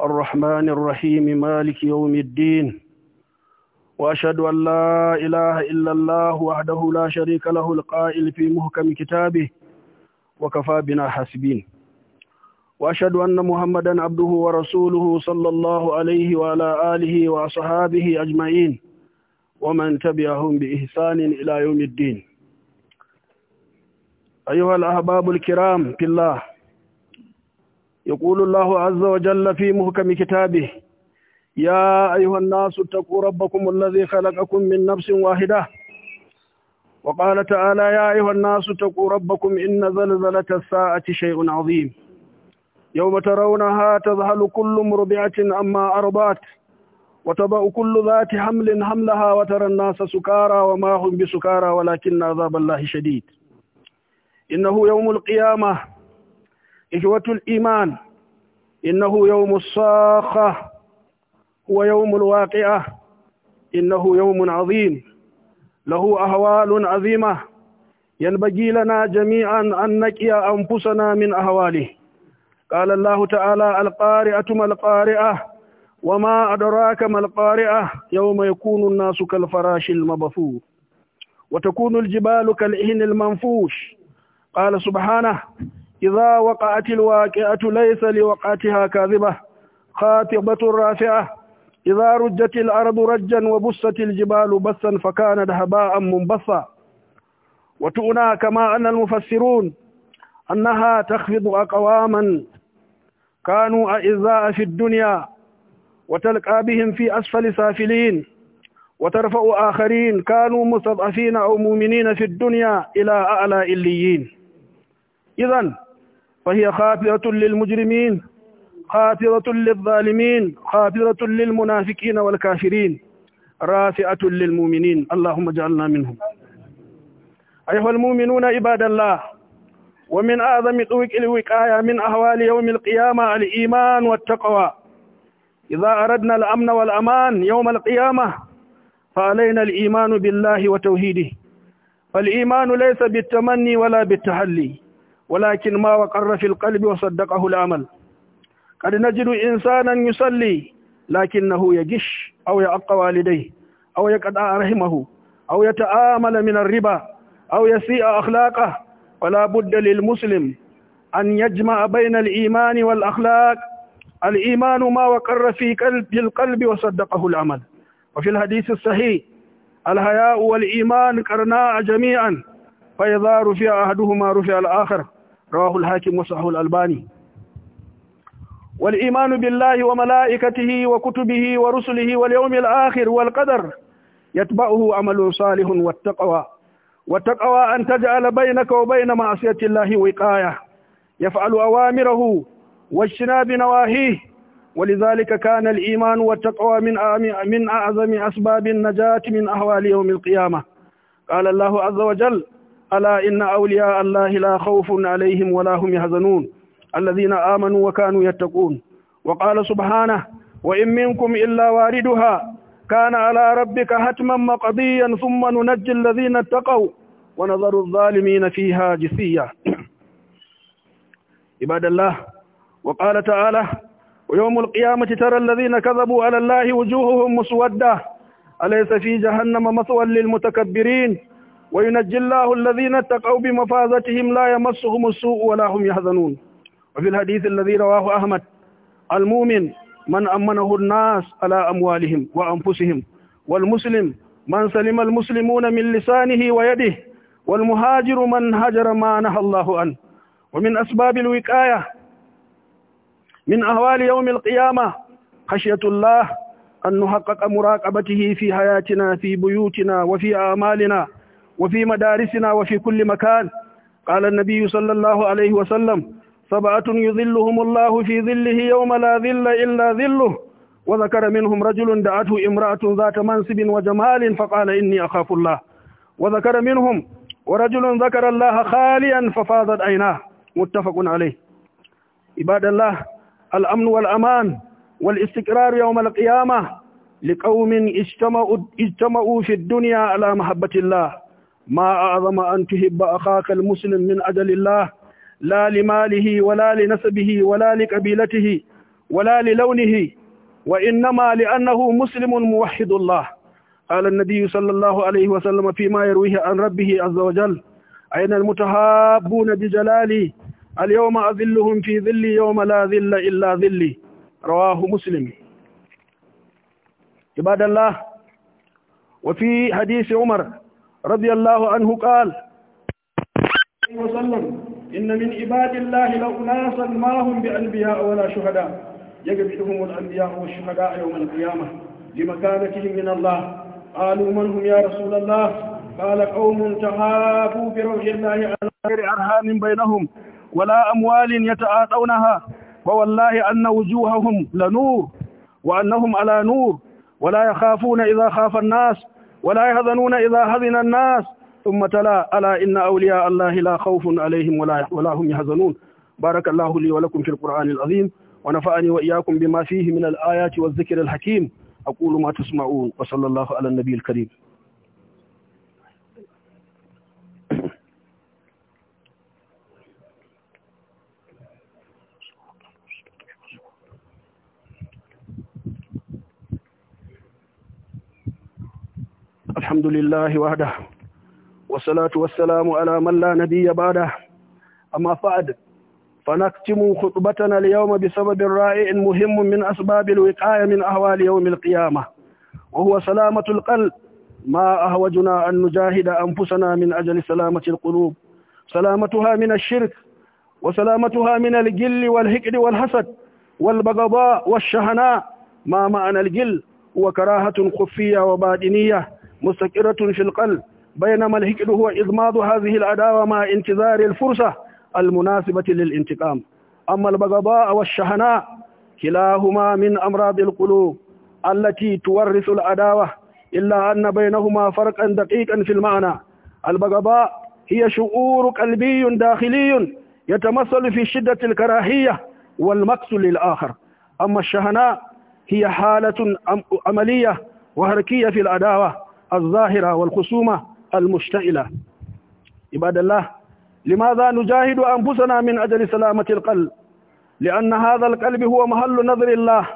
الرحمن الرحيم مالك يوم الدين وأشهد أن لا إله إلا الله وحده لا شريك له القائل في محكم كتابه وكفى بنا حاسبين وأشهد أن محمدا عبده ورسوله صلى الله عليه وعلى آله وصحابه أجمعين ومن تبعهم بإحسان إلى يوم الدين أيها الأحباب الكرام في الله يقول الله عز وجل في محكم كتابه يا أيها الناس اتقوا ربكم الذي خلقكم من نفس واحدة وقال تعالى يا أيها الناس اتقوا ربكم إن زلزلة الساعة شيء عظيم يوم ترونها تذهل كل مربعة أما أربات وتضع كل ذات حمل حملها وترى الناس سكارى وما هم بسكارى ولكن عذاب الله شديد إنه يوم القيامة إخوة الإيمان إنه يوم الصاخة هو يوم الواقعة إنه يوم عظيم له أهوال عظيمة ينبغي لنا جميعا أن نكئ أنفسنا من أهواله قال الله تعالى القارئة ما القارئة وما أدراك ما القارئة يوم يكون الناس كالفراش المبثوث وتكون الجبال كالإهن المنفوش قال سبحانه إذا وقعت الواقعة ليس لوقعتها كاذبة خاطبة رافعة إذا رجت الأرض رجا وبست الجبال بسا فكانت هباء منبثا وتؤنى كما أن المفسرون أنها تخفض أقواما كانوا أعزاء في الدنيا وتلقى بهم في أسفل سافلين وترفع آخرين كانوا مستضعفين أو مؤمنين في الدنيا إلى أعلى إليين إذن فهي خافرة للمجرمين خافرة للظالمين خافرة للمنافقين والكافرين رافعة للمؤمنين اللهم اجعلنا منهم أيها المؤمنون عباد الله ومن أعظم الوقاية من أهوال يوم القيامة الإيمان والتقوى إذا أردنا الأمن والأمان يوم القيامة فعلينا الإيمان بالله وتوحيده فالإيمان ليس بالتمني ولا بالتحلي ولكن ما وقر في القلب وصدقه العمل قد نجد إنسانا يصلي لكنه يجش أو يعق والديه أو يقطع رحمه أو يتآمل من الربا أو يسيء أخلاقه ولا بد للمسلم أن يجمع بين الإيمان والأخلاق الإيمان ما وقر في قلب القلب وصدقه العمل وفي الحديث الصحيح الحياء والإيمان قرناء جميعا فإذا رفع أحدهما رفع الآخر رواه الحاكم وصححه الألباني والإيمان بالله وملائكته وكتبه ورسله واليوم الآخر والقدر يتبعه عمل صالح والتقوى والتقوى أن تجعل بينك وبين معصية الله وقاية يفعل أوامره واجتناب نواهيه ولذلك كان الإيمان والتقوى من من أعظم أسباب النجاة من أهوال يوم القيامة قال الله عز وجل ألا إن أولياء الله لا خوف عليهم ولا هم يحزنون الذين آمنوا وكانوا يتقون وقال سبحانه وإن منكم إلا واردها كان على ربك حتما مقضيا ثم ننجي الذين اتقوا ونظر الظالمين فيها جثيا عباد الله وقال تعالى ويوم القيامة ترى الذين كذبوا على الله وجوههم مسودة أليس في جهنم مثوى للمتكبرين وينجي الله الذين اتقوا بمفازتهم لا يمسهم السوء ولا هم يحزنون وفي الحديث الذي رواه أحمد المؤمن من أمنه الناس على أموالهم وأنفسهم والمسلم من سلم المسلمون من لسانه ويده والمهاجر من هجر ما نهى الله عنه ومن أسباب الوقاية من أهوال يوم القيامة خشية الله أن نحقق مراقبته في حياتنا في بيوتنا وفي أعمالنا وفي مدارسنا وفي كل مكان قال النبي صلى الله عليه وسلم سبعة يظلهم الله في ظله يوم لا ظل إلا ظله وذكر منهم رجل دعته امرأة ذات منصب وجمال فقال إني أخاف الله وذكر منهم ورجل ذكر الله خاليا ففاضت عيناه متفق عليه عباد الله الأمن والأمان والاستقرار يوم القيامة لقوم اجتمعوا, اجتمعوا في الدنيا على محبة الله ما أعظم أن تحب أخاك المسلم من أجل الله لا لماله ولا لنسبه ولا لقبيلته ولا للونه وإنما لأنه مسلم موحد الله قال النبي صلى الله عليه وسلم فيما يرويه عن ربه عز وجل أين المتحابون بجلالي اليوم أذلهم في ذلي يوم لا ذل إلا ذلي رواه مسلم عباد الله وفي حديث عمر رضي الله عنه قال وسلم إن من عباد الله لأناسا ما هم بأنبياء ولا شهداء يقبلهم الأنبياء والشهداء يوم القيامة لمكانتهم من الله قالوا من هم يا رسول الله قال قوم تهابوا بروح الله على غير أرهام بينهم ولا أموال يتآتونها فوالله أن وجوههم لنور وأنهم على نور ولا يخافون إذا خاف الناس ولا يهذنون إذا هذن الناس ثم تلا ألا إن أولياء الله لا خوف عليهم ولا, ولا هم يهذنون بارك الله لي ولكم في القرآن العظيم ونفعني وإياكم بما فيه من الآيات والذكر الحكيم أقول ما تسمعون وصلى الله على النبي الكريم الحمد لله وحده والصلاة والسلام على من لا نبي بعده أما فعد فنكتم خطبتنا اليوم بسبب رائع مهم من أسباب الوقاية من أهوال يوم القيامة وهو سلامة القلب ما أهوجنا أن نجاهد أنفسنا من أجل سلامة القلوب سلامتها من الشرك وسلامتها من الجل والهكر والحسد والبغضاء والشهناء ما معنى الجل هو كراهة خفية وبادنية مستقرة في القلب بينما الهجر هو إضماد هذه العداوة مع انتظار الفرصة المناسبة للانتقام أما البغضاء والشهناء كلاهما من أمراض القلوب التي تورث العداوة إلا أن بينهما فرقا دقيقا في المعنى البغضاء هي شعور قلبي داخلي يتمثل في شدة الكراهية والمقص للآخر أما الشهناء هي حالة عملية وهركية في العداوة الظاهرة والخصومة المشتئلة عباد الله لماذا نجاهد أنفسنا من أجل سلامة القلب لأن هذا القلب هو محل نظر الله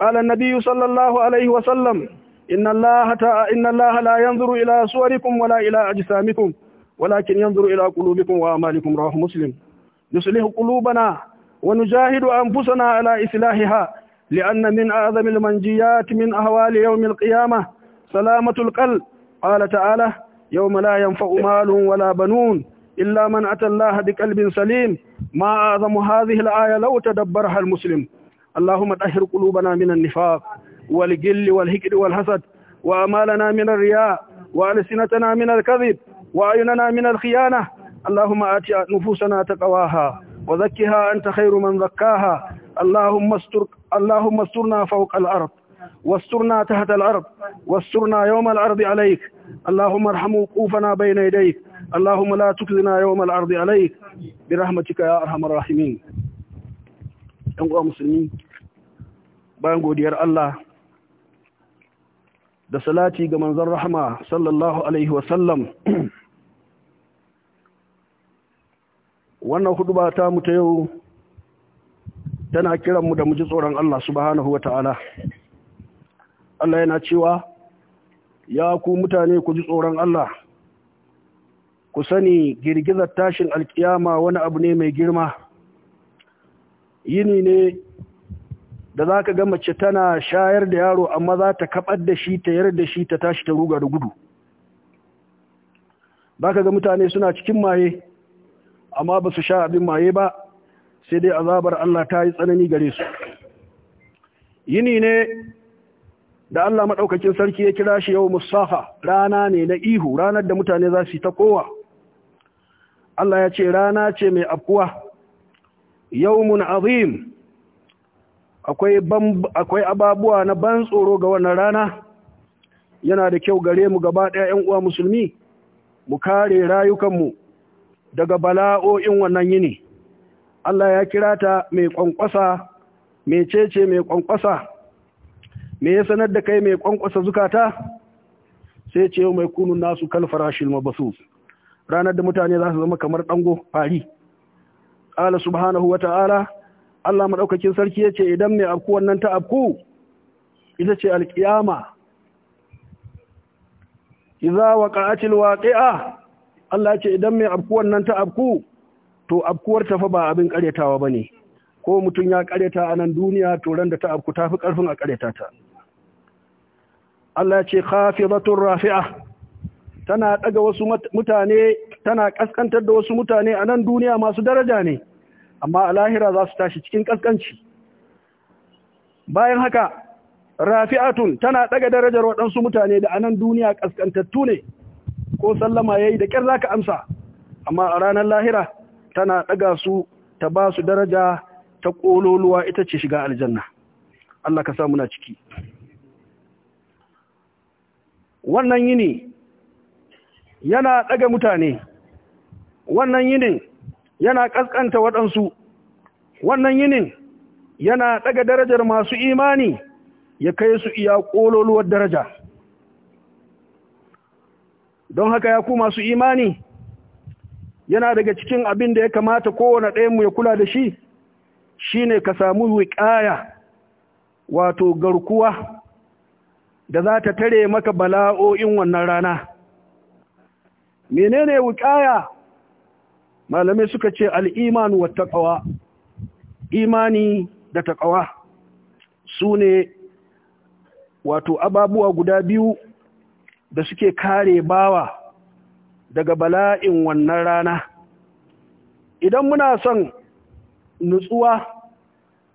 قال النبي صلى الله عليه وسلم إن الله إن الله لا ينظر إلى صوركم ولا إلى أجسامكم ولكن ينظر إلى قلوبكم وأعمالكم رواه مسلم نصلح قلوبنا ونجاهد أنفسنا على إصلاحها لأن من أعظم المنجيات من أهوال يوم القيامة سلامة القلب قال تعالى يوم لا ينفع مال ولا بنون إلا من أتى الله بقلب سليم ما أعظم هذه الآية لو تدبرها المسلم اللهم طهر قلوبنا من النفاق والجل والهكر والحسد وأمالنا من الرياء وألسنتنا من الكذب وأعيننا من الخيانة اللهم آت نفوسنا تقواها وزكها أنت خير من زكاها اللهم استر اللهم استرنا فوق الأرض واسترنا تحت الأرض واسترنا يوم العرض عليك اللهم ارحم وقوفنا بين يديك اللهم لا تكذنا يوم العرض عليك برحمتك يا أرحم الراحمين أنقوى مسلمين bayan godiyar Allah da salati ga manzon rahama sallallahu alaihi wasallam wannan huduba ta mu ta yau tana kiranmu da mu ji tsoron Allah subhanahu wa ta'ala Allah yana cewa ya ku mutane ku ji tsoron Allah ku sani girgizar tashin alkiyama wani abu ne mai girma yini ne da za ka ga mace tana shayar da yaro amma za ta kaɓar da shi ta yar da shi ta tashi ta ruga da gudu ba ka ga mutane suna cikin maye amma ba su sha abin maye ba sai dai azabar Allah ta yi tsanani gare su yini ne da Allah maɗaukakin sarki ya kira shi yau musafa rana ne na ihu ranar da mutane za su ta kowa Allah ya ce rana ce mai yau Yau azim akwai ababuwa na ban tsoro ga wannan rana yana da kyau gare mu gaba ɗaya 'yan uwa musulmi mu kare rayukanmu daga bala'o'in wannan yini Allah ya kira ta mai kwankwasa mai cece mai kwankwasa me ya sanar da kai mai kwankwasa zukata sai ce yau mai kunun nasu kal farashil mabasus ranar da mutane za su zama kamar dango fari ala subhanahu wa ta'ala Allah madaukakin sarki ya ce, idan mai abku wannan ta abku ita ce iza wa waqa'atil waqi'a Allah ce idan mai abku wannan ta abku to abkuwar ta fa ba abin karyatawa bane ko mutum ya karyata a nan duniya to ran da ta afku tafi karfin a karyata ta Allah ce khafidatur rafi'a tana daga wasu mutane tana kaskantar da wasu mutane a nan duniya masu daraja ne amma a lahira za su tashi cikin kaskanci bayan haka rafi'a tun tana ɗaga darajar waɗansu mutane da a nan duniya kaskantattu ne ko sallama ya yi da kyar zaka amsa amma a ranar lahira tana daga su ta ba su daraja ta ƙololuwa ita ce shiga aljanna Allah ka sa muna ciki wannan yini yana ɗaga mutane wannan yinin yana ƙasƙanta waɗansu wannan yinin yana ɗaga darajar masu imani ya kai su iya ƙololuwar daraja don haka ya ku masu imani yana daga cikin abin da ya kamata kowane mu ya kula da shi shine ka samu wiƙaya wato garkuwa da za ta tare maka bala'o'in wannan rana menene wuƙaya malamai suka ce al'imanu wa taƙawa imani da taƙawa su ne wato ababuwa guda biyu da suke kare bawa daga bala'in wannan rana idan muna son nutsuwa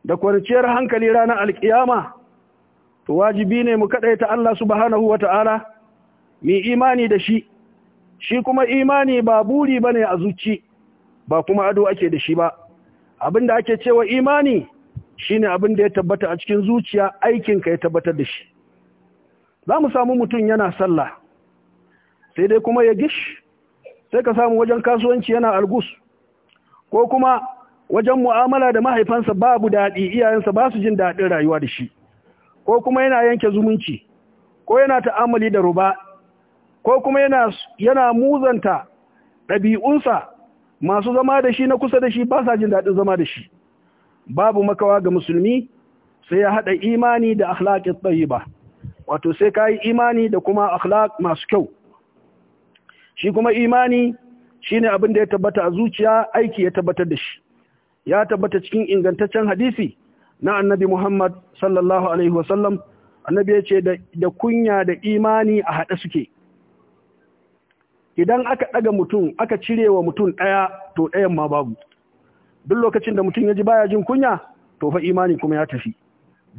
da kwanciyar hankali ranar alƙiyama. to wajibi ne mu ta Allah subhanahu wa ta'ala imani da shi shi kuma imani ba buri ba ne a zuci ba kuma ado ake da shi ba Abin abinda ake cewa imani shi ne abin da ya tabbata a cikin zuciya aikin ka ya tabbatar da shi za mu samu mutum yana sallah sai dai kuma ya gish sai ka samu wajen kasuwanci yana algus ko kuma wajen mu'amala da mahaifansa babu daɗi iyayensa ba su jin daɗin rayuwa da shi ko kuma yana yanke zumunci ko yana ta'amali da ruba ko kuma yana yana muzanta ɗabi'unsa masu zama da shi na kusa da shi ba sa jin daɗin zama da shi babu makawa ga musulmi sai ya haɗa imani da akhlaqi ba, wato sai kai imani da kuma akhlaq masu kyau shi kuma imani shine abin da ya tabbata a zuciya aiki ya tabbatar da shi ya tabbata cikin ingantaccen hadisi na annabi Muhammad sallallahu alaihi wasallam annabi ya ce da kunya da imani a haɗe suke idan aka ɗaga mutum aka cire wa mutum ɗaya to ɗayan ma babu duk lokacin da mutum ya ji baya jin kunya to fa imani kuma ya tafi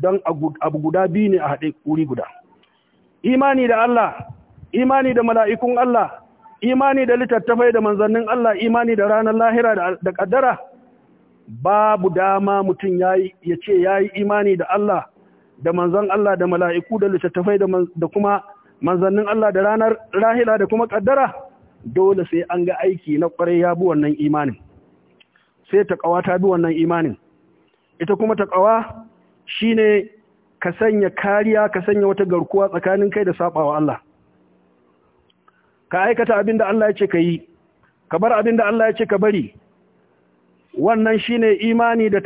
don abu guda biyu ne a haɗe wuri guda imani da Allah imani da mala'ikun Allah imani da littattafai da manzannin Allah imani da ranar lahira da ƙaddara babu dama mutum ya ce ya yi imani da Allah da manzan Allah da mala'iku da littattafai da kuma manzannin Allah da ranar rahila da kuma ƙaddara dole sai an ga aiki na ƙwarai ya bi wannan imanin sai taƙawa ta bi wannan imanin ita kuma taƙawa shi ne ka sanya kariya ka sanya wata garkuwa tsakanin kai da saɓawa Allah ka aikata abin da Allah ya ce ka yi ka bar abin da Allah ya ce ka bari wannan shine imani da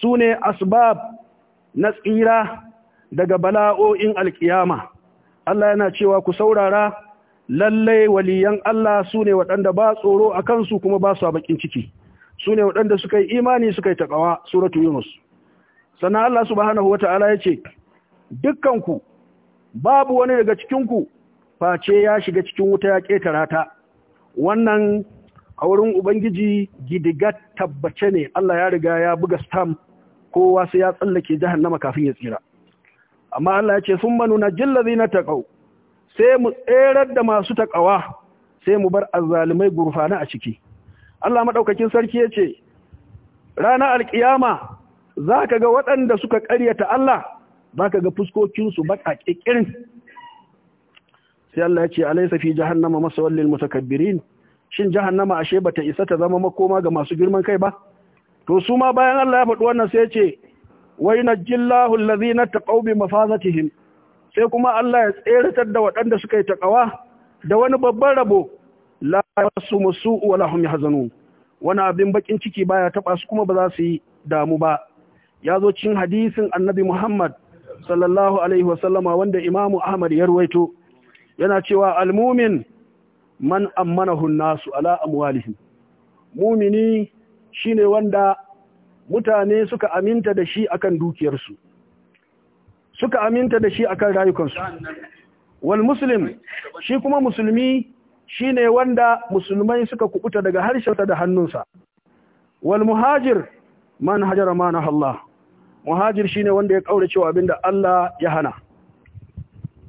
su ne asbab na tsira daga bala'o'in alƙiyama. Allah yana cewa ku saurara lallai waliyan Allah su ne waɗanda ba tsoro a kansu kuma ba su bakin ciki su ne waɗanda suka yi imani suka yi taqwa suratu yunus sannan Allah subhanahu wata'ala ce dukkanku babu wani daga cikinku face ya shiga cikin wuta ya ƙetara ta wannan a wurin ubangiji gidiga tabbace ne Allah ya riga ya buga stam kowa sai ya tsallake jahannama kafin ya tsira amma Allah ya ce sun manu na zina na taƙau sai mu tserar da masu taƙawa sai mu bar azzalumai gurfana a ciki Allah maɗaukakin sarki ya ce rana alƙiyama za ka ga waɗanda suka ƙaryata Allah za ka ga fuskokinsu baƙa ƙirƙirin sai Allah ya ce alaisa fi jahannama masawallin mutakabbirin shin nama ashe bata isa ta zama makoma ga masu girman kai ba to su ma bayan Allah ya faɗi wannan sai ya ce wai yunajjillahu allazina taqaw bi mafazatihim sai kuma Allah ya tseratar da waɗanda suka yi takawa da wani babban rabo la masu su'u wa lahum yahzanun wani abin bakin ciki baya taba su kuma ba za su yi damu ba ya zo cikin hadisin annabi Muhammad sallallahu alaihi wanda Imam Ahmad ya yana cewa almumin. man ammanahu nasu ala amwalihim mumini shine wanda mutane suka aminta da shi akan dukiyarsu suka aminta da shi akan rayukansu wal muslim shi kuma musulmi shine wanda musulmai suka kubuta daga harshensa da hannunsa wal muhajir man hajara ma Allah muhajir shine wanda ya kaurace cewa abinda Allah ya hana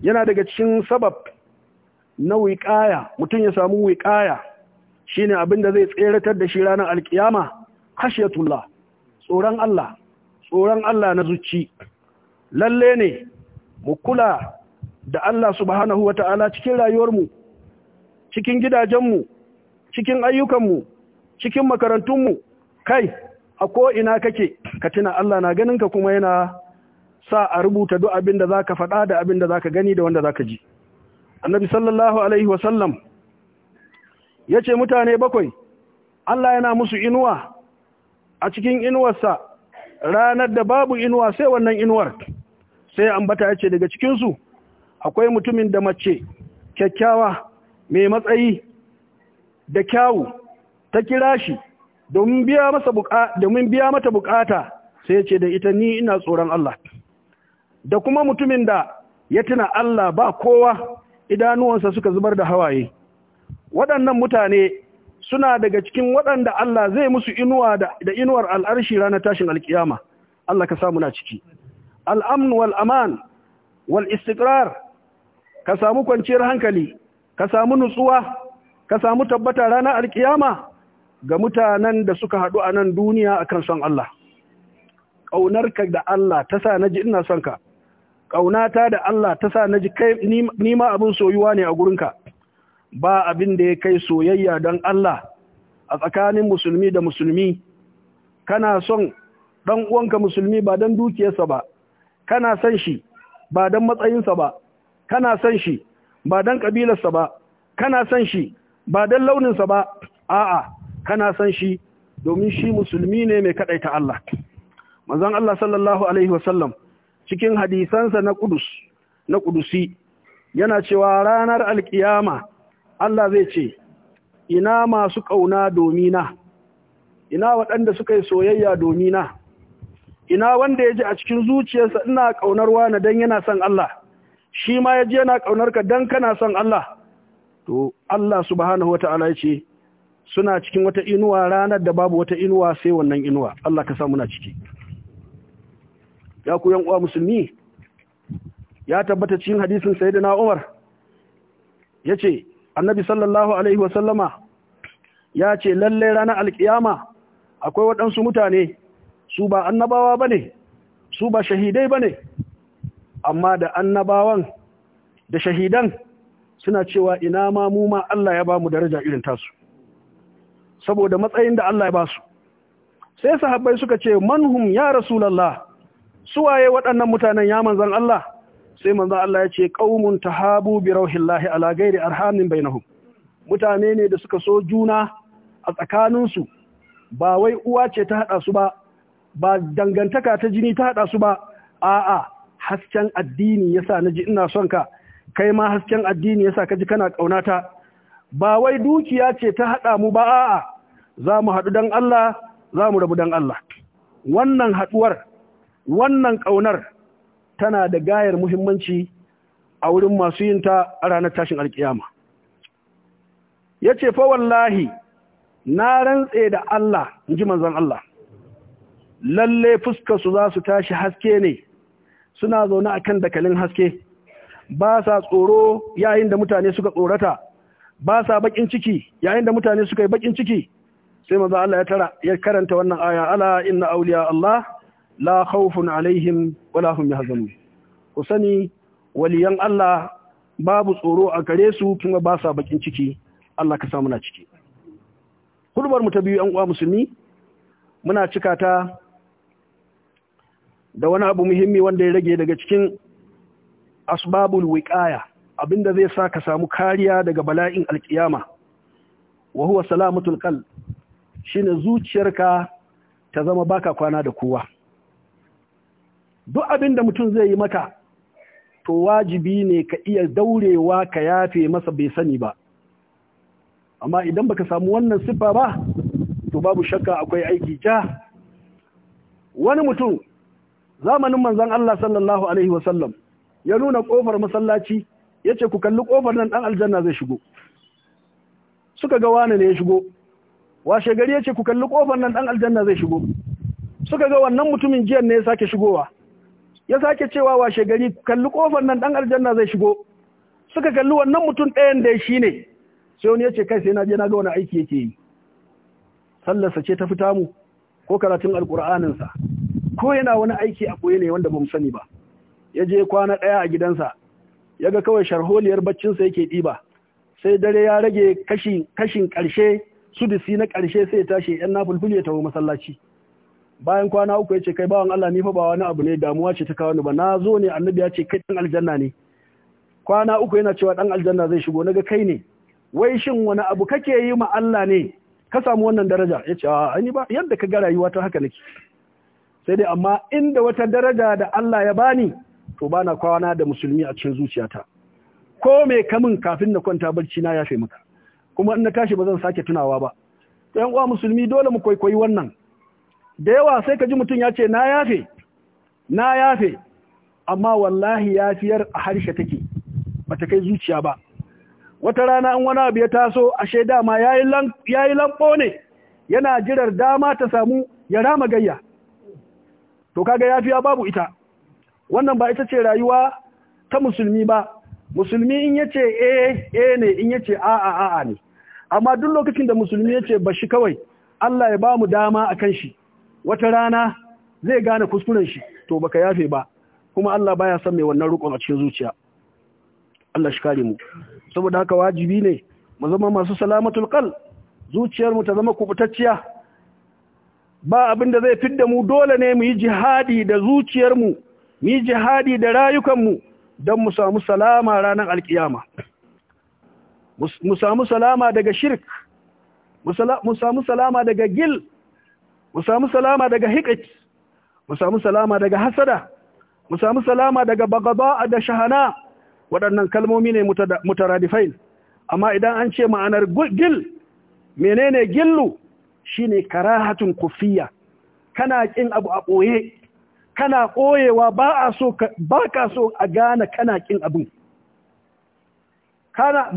yana daga cikin sabab na wiƙaya mutum ya samu wiƙaya shine abin da zai tseratar da shi ranar alkiyama khashiyatullah tsoron Allah tsoron Allah na zuci lalle ne mu kula da Allah subhanahu wata'ala cikin rayuwarmu cikin gidajenmu cikin ayyukanmu cikin makarantunmu kai a ko ina kake ka tuna Allah na ganin ka kuma yana sa a rubuta duk abin da zaka faɗa da abin da zaka gani da wanda zaka ji annabi sallallahu alaihi wasallam ya ce mutane bakwai Allah yana musu inuwa a cikin inuwarsa ranar da babu inuwa sai wannan inuwar sai ambata ya ce daga cikinsu akwai mutumin da mace kyakkyawa mai matsayi da kyawu ta kira shi domin biya mata bukata sai ya ce da ita ni ina tsoron Allah da kuma mutumin da ya tuna Allah ba kowa idanuwansa suka zubar da hawaye waɗannan mutane suna daga cikin waɗanda Allah zai musu inuwa da inuwar al'arshi ranar tashin alkiyama Allah ka samu na ciki Al'amnu wal wal'istikrar, ka samu kwanciyar hankali ka samu nutsuwa ka samu tabbata ranar alkiyama ga mutanen da suka haɗu a nan duniya akan son Allah ƙaunarka da Allah ta sa na ji ina son ka ƙaunata da Allah ta sa na ji kai nima abin soyuwa ne a gurinka ba abin da ya kai soyayya don Allah a tsakanin musulmi da musulmi kana son ɗan uwanka musulmi ba don dukiyarsa ba kana son shi ba don matsayinsa ba kana son shi ba don ƙabilarsa ba kana son shi ba don launinsa ba a'a kana son shi domin shi musulmi ne mai kaɗaita Allah manzon Allah sallallahu cikin hadisansa na kudus na kudusi yana cewa ranar alkiyama Allah zai ce ina masu kauna domina ina waɗanda suka yi soyayya domina ina wanda ya ji a cikin zuciyarsa ina kaunar wani dan yana son Allah shi ma ya ji yana kaunar ka dan kana son Allah to Allah subhanahu wataala ya ce suna cikin wata inuwa ranar da babu wata inuwa sai wannan inuwa Allah ka sa muna ciki ya ku yan uwa musulmi ya tabbata cikin hadisin sayyidina Umar yace annabi sallallahu alaihi wasallama ya ce lalle ranar alkiyama akwai waɗansu mutane su ba annabawa bane su ba shahidai bane amma da annabawan da shahidan suna cewa ina ma mu ma Allah ya ba mu daraja irin tasu saboda matsayin da Allah ya ba su sai sahabbai suka ce manhum ya rasulullah Su waye waɗannan mutanen ya manzan Allah sai manzan Allah ya ce ta tahabu bi rauhillahi ala gairi, arhamin bai nahu. mutane ne da suka so juna a tsakaninsu ba wai uwa ce ta haɗa su ba ba dangantaka ta jini ta haɗa su ba a'a hasken addini ya sa na ji ina son ka kai ma hasken addini ya sa ka ji kana ƙaunata ba wai dukiya ce ta haɗa mu ba a'a za mu haɗu dan Allah za mu rabu dan Allah wannan haɗuwar wannan ƙaunar tana da gayar muhimmanci a wurin masu yin ta a ranar tashin alkiyama ya ce fa wallahi na rantse da Allah in ji manzan Allah lalle fuskarsu za su tashi haske ne suna zaune akan dakalin haske ba sa tsoro yayin da mutane suka tsorata ba sa bakin ciki yayin da mutane suka yi bakin ciki sai manzan Allah ya karanta wannan aya ala inna auliya Allah la khawfun alaihim wala hum yahzanun ku sani waliyan Allah babu tsoro a gare su kuma ba sa bakin ciki Allah ka sa muna ciki hulbar mu ta biyu an uwa musulmi muna cika ta da wani abu muhimmi wanda ya rage daga cikin asbabul wiqaya abinda zai sa ka samu kariya daga bala'in alkiyama wa huwa salamatul qalb shine zuciyarka ta zama baka kwana da kowa duk abin da mutum zai yi maka to wajibi ne ka iya daurewa ka yafe masa bai sani ba amma idan baka samu wannan siffa ba to babu shakka akwai aiki ja wani mutum zamanin manzon Allah sallallahu alaihi wasallam ya nuna kofar masallaci yace ku kalli kofar nan dan aljanna zai shigo suka ga wani ne ya shigo washe gari yace ku kalli kofar nan dan aljanna zai shigo suka ga wannan mutumin jiyan ne ya sake shigowa ya sake cewa washe gari kalli kofar nan dan aljanna zai shigo suka kalli wannan mutum ɗayan da shi ne sai wani ya ce kai sai na je na ga wani aiki yake yi sallarsa ce ta fita mu ko karatun alkur'aninsa ko yana wani aiki a koyi ne wanda ba mu sani ba ya je kwana ɗaya a gidansa ya ga kawai sharholiyar baccinsa yake ɗiba sai dare ya rage kashin ƙarshe su sudisi na ƙarshe sai ya tashi yan nafulfuli ya taho masallaci bayan kwana uku ya ce kai bawan Allah ni fa ba wani abu ne damuwa ce ta kawo ni ba na zo ne annabi ya ce kai dan aljanna ne kwana uku yana cewa dan aljanna zai shigo naga kai ne wai shin wani abu kake yi ma Allah ne ka samu wannan daraja ya ce a ni ba yadda ka ga rayuwa ta haka nake sai dai amma inda wata daraja da Allah ya bani to bana kwana da musulmi a cikin zuciyata ko me kamun kafin na kwanta barci na yafe maka kuma in na tashi ba zan sake tunawa ba yan uwa musulmi dole mu kwaikwayi wannan da yawa sai ka ji mutum ya ce na yafe na yafe amma wallahi yafiyar a harshe take ba ta kai zuciya ba wata rana in wani abu ya taso ashe dama yi lambo ne yana jirar dama ta samu ya rama gayya to kaga yafiya babu ita wannan ba ita ce rayuwa ta musulmi ba musulmi in yace A eh, A eh ne in yace a a a ne amma duk lokacin da musulmi yace bashi kawai Allah ya ba mu dama a kan shi wata rana zai gane kuskuren shi to baka yafe ba kuma Allah baya son mai wannan rukun a cikin zuciya Allah shi kare mu saboda haka wajibi ne mu zama masu salamatul qal zuciyar mu ta zama kubutacciya ba abin da zai fidda mu dole ne mu yi jihadi da zuciyar mu mu yi jihadi da rayukan mu don mu samu salama ranar alkiyama mu samu salama daga shirk mu samu salama daga gil mu samu salama daga hiƙiƙ mu samu salama daga hasada mu samu salama daga bagaba da shahana waɗannan kalmomi ne mutaradifain amma idan an ce ma'anar gil menene gillu Shi shine karahatun kufiya kana ƙin abu a ɓoye kana ɓoyewa ba ka so a gane kana ƙin abin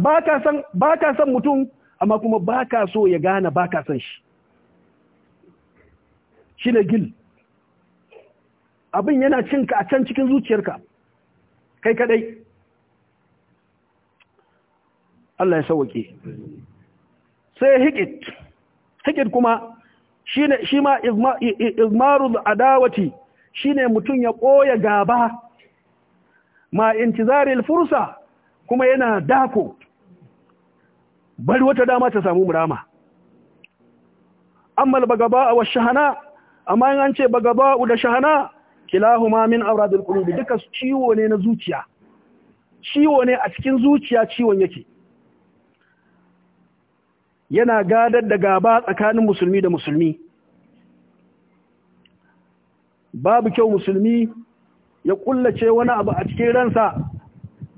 ba ka san mutum amma kuma ba ka so ya gane ba ka san shi shi ne gil abin yana cinka a can cikin zuciyarka kai kadai Allah ya sauwake sai hikit hikit kuma shi ma izmaru adawati shi ne mutum ya ɓoye gaba ma intizaril fursa kuma yana dako bari wata dama ta samu murama amma albagaba a hana amma in an ce ba gaba da shahana ma min awradil qulubi duka ciwo ne na zuciya ciwo ne a cikin zuciya ciwon yake yana gadar da gaba tsakanin musulmi da musulmi babu kyau musulmi ya kullace wani abu a cikin ransa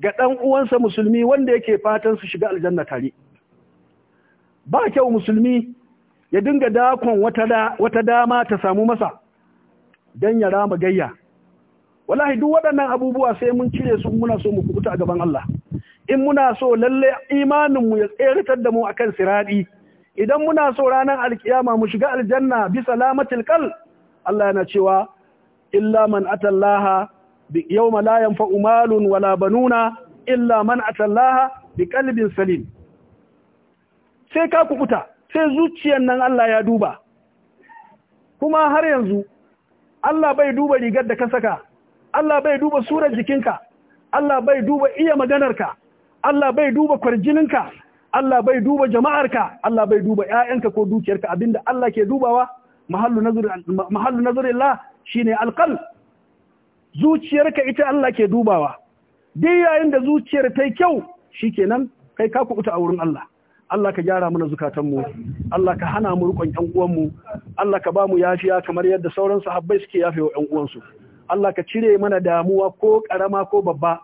ga ɗan uwansa musulmi wanda yake fatan su shiga aljanna tare ba kyau musulmi ya dinga dakon wata dama ta samu masa don ya rama gayya wallahi duk waɗannan abubuwa sai mun cire su muna so mu kubuta a gaban Allah in muna so lalle imaninmu ya tseratar da mu akan siradi idan muna so ranar alkiyama mu shiga aljanna bi salamatil kal Allah yana cewa illa man atallaha bi yawma la yanfa'u malun wala banuna illa man atallaha bi qalbin salim sai ka kubuta sai zuciyar nan Allah ya duba kuma har yanzu Allah bai duba rigar da ka saka Allah bai duba surar jikinka Allah bai duba iya maganarka Allah bai duba kwarjininka Allah bai duba jama'arka Allah bai duba ƴaƴanka ko dukiyarka abinda Allah ke dubawa mahallu nazar mahallu nazarillah shine alqal zuciyarka ita Allah ke dubawa dai yayin da zuciyar ta yi kyau shi shikenan kai ka kuɓuta a wurin Allah Allah ka gyara mana zukatanmu Allah ka hana mu rikon ƴan uwanmu Allah ka ba mu yafiya kamar yadda sauran sahabbai suke yafewa ƴan uwansu Allah ka cire mana damuwa ko karama ko babba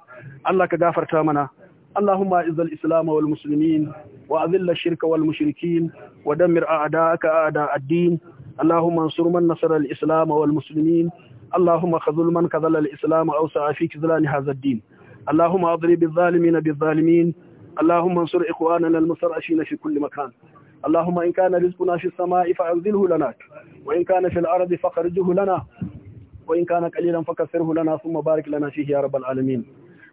Allah ka gafarta mana Allahumma izal islam wal muslimin wa azilla shirka wal mushrikin wa dammir a'da'aka a'da ad-din Allahumma ansur man nasara al islam wal muslimin Allahumma khazul man kadhala al islam aw sa'a fi kizlani hadha ad-din Allahumma adrib adh-dhalimin bidh-dhalimin اللهم انصر إخواننا المسرعشين في كل مكان اللهم إن كان رزقنا في السماء فأنزله لنا وإن كان في الأرض فخرجه لنا وإن كان قليلا فكثره لنا ثم بارك لنا فيه يا رب العالمين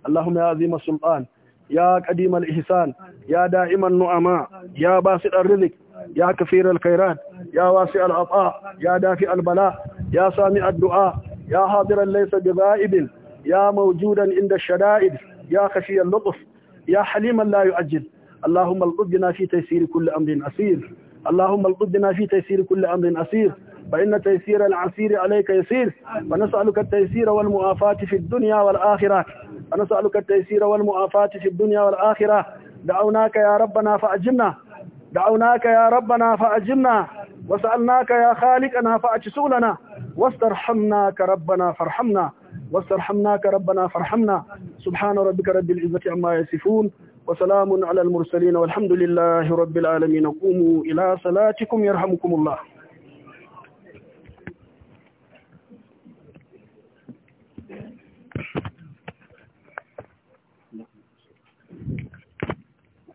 اللهم يا عظيم السلطان يا قديم الإحسان يا دائم النعماء يا باسط الرزق يا كثير الخيرات يا واسع العطاء يا دافع البلاء يا سامع الدعاء يا حاضرا ليس بغائب يا موجودا عند الشدائد يا خشي اللطف يا حليما لا يؤجل اللهم القدنا في تيسير كل أمر عسير اللهم القدنا في تيسير كل أمر عسير فإن تيسير العسير عليك يسير ونسألك التيسير والمؤافاة في الدنيا والآخرة ونسألك التيسير والمؤافاة في الدنيا والآخرة دعوناك يا ربنا فأجبنا دعوناك يا ربنا فأجبنا وسألناك يا خالقنا فأجسولنا واسترحمناك ربنا فارحمنا واسترحمناك ربنا فارحمنا سبحان ربك رب العزة عما يصفون وسلام على المرسلين والحمد لله رب العالمين قوموا إلى صلاتكم يرحمكم الله